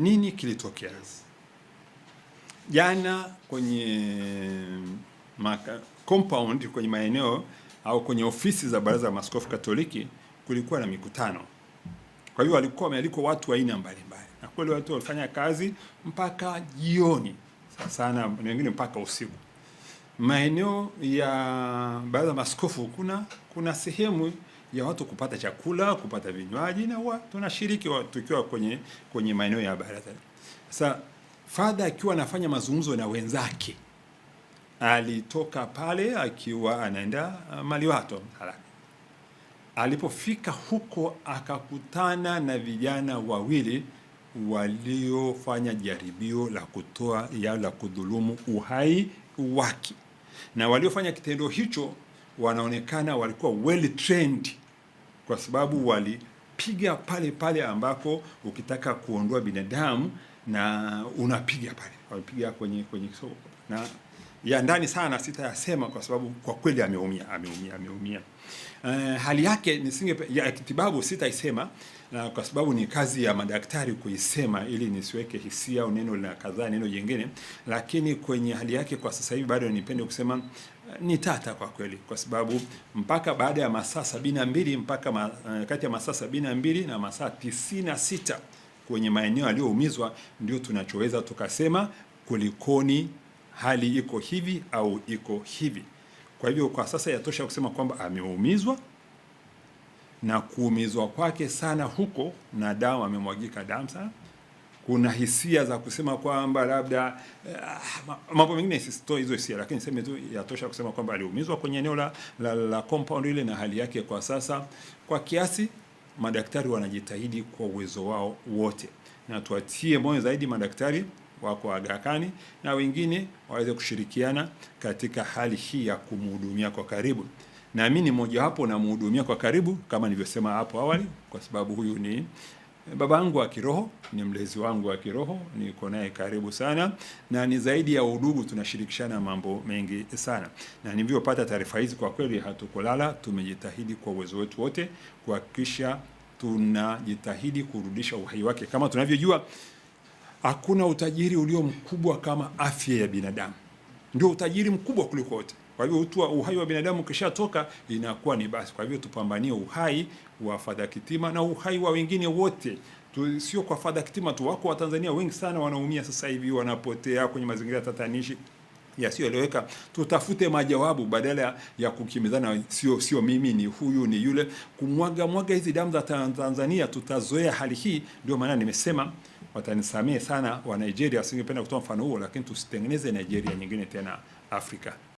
nini kilitokea? Jana kwenye maka, compound kwenye maeneo au kwenye ofisi za Baraza la maskofu Katoliki kulikuwa na mikutano. Kwa hiyo walikuwa wamealikwa watu wa aina mbalimbali, na kweli watu walifanya kazi mpaka jioni sana, wengine mpaka usiku. Maeneo ya Baraza la maskofu kuna kuna sehemu ya watu kupata chakula, kupata vinywaji na wa, tunashiriki tukiwa kwenye, kwenye maeneo ya baraza. Sasa fadha akiwa anafanya mazungumzo na wenzake alitoka pale akiwa anaenda uh, Maliwato haraka. Alipofika huko akakutana na vijana wawili waliofanya jaribio la kutoa ya la kudhulumu uhai wake, na waliofanya kitendo hicho wanaonekana walikuwa well trained kwa sababu walipiga pale pale ambapo ukitaka kuondoa binadamu na unapiga pale, walipiga kwenye kwenye soko na ya ndani sana sitayasema kwa sababu kwa kweli ameumia ameumia ameumia. Uh, hali yake nisinge ya kitibabu sitaisema, na kwa sababu ni kazi ya madaktari kuisema ili nisiweke hisia au neno la kadhaa neno jingine, lakini kwenye hali yake kwa sasa hivi bado nipende kusema ni tata kwa kweli, kwa sababu mpaka baada ya masaa sabini na mbili mpaka ma, eh, kati ya masaa sabini na mbili na masaa tisini na sita kwenye maeneo yaliyoumizwa ndio tunachoweza tukasema kulikoni, hali iko hivi au iko hivi. Kwa hivyo kwa sasa yatosha kusema kwamba ameumizwa na kuumizwa kwake sana huko na damu, amemwagika damu sana una hisia za kusema kwamba labda uh, mambo mengine sisitoi hizo hisia, lakini sema tu yatosha kusema kwamba aliumizwa kwenye eneo la, la, la compound ile, na hali yake kwa sasa kwa kiasi, madaktari wanajitahidi kwa uwezo wao wote, na tuatie moyo zaidi madaktari wako agakani na wengine waweze kushirikiana katika hali hii ya kumhudumia kwa karibu. ni mmoja wapo namhudumia kwa karibu kama nilivyosema hapo awali, kwa sababu huyu ni baba yangu wa kiroho, ni mlezi wangu wa kiroho, niko naye karibu sana, na ni zaidi ya udugu, tunashirikishana mambo mengi sana. Na nilivyopata taarifa hizi, kwa kweli hatukulala, tumejitahidi kwa uwezo wetu wote kuhakikisha tunajitahidi kurudisha uhai wake. Kama tunavyojua, hakuna utajiri ulio mkubwa kama afya ya binadamu, ndio utajiri mkubwa kuliko wote. Kwa hivyo utu, uhai wa binadamu ukishatoka inakuwa ni basi. Kwa hivyo tupambanie uhai wa Fadha Kitima na uhai wa wengine wote tu, sio kwa Fadha Kitima tu, wako Watanzania wengi sana wanaumia sasa hivi, wanapotea kwenye mazingira tatanishi yasiyoeleweka. Tutafute majawabu badala ya kukimbizana, sio sio mimi ni huyu ni yule, kumwaga mwaga hizi damu za Tanzania. Tutazoea hali hii, ndio maana nimesema watanisamehe sana wa Nigeria, asingependa kutoa mfano huo, lakini tusitengeneze Nigeria nyingine tena Afrika.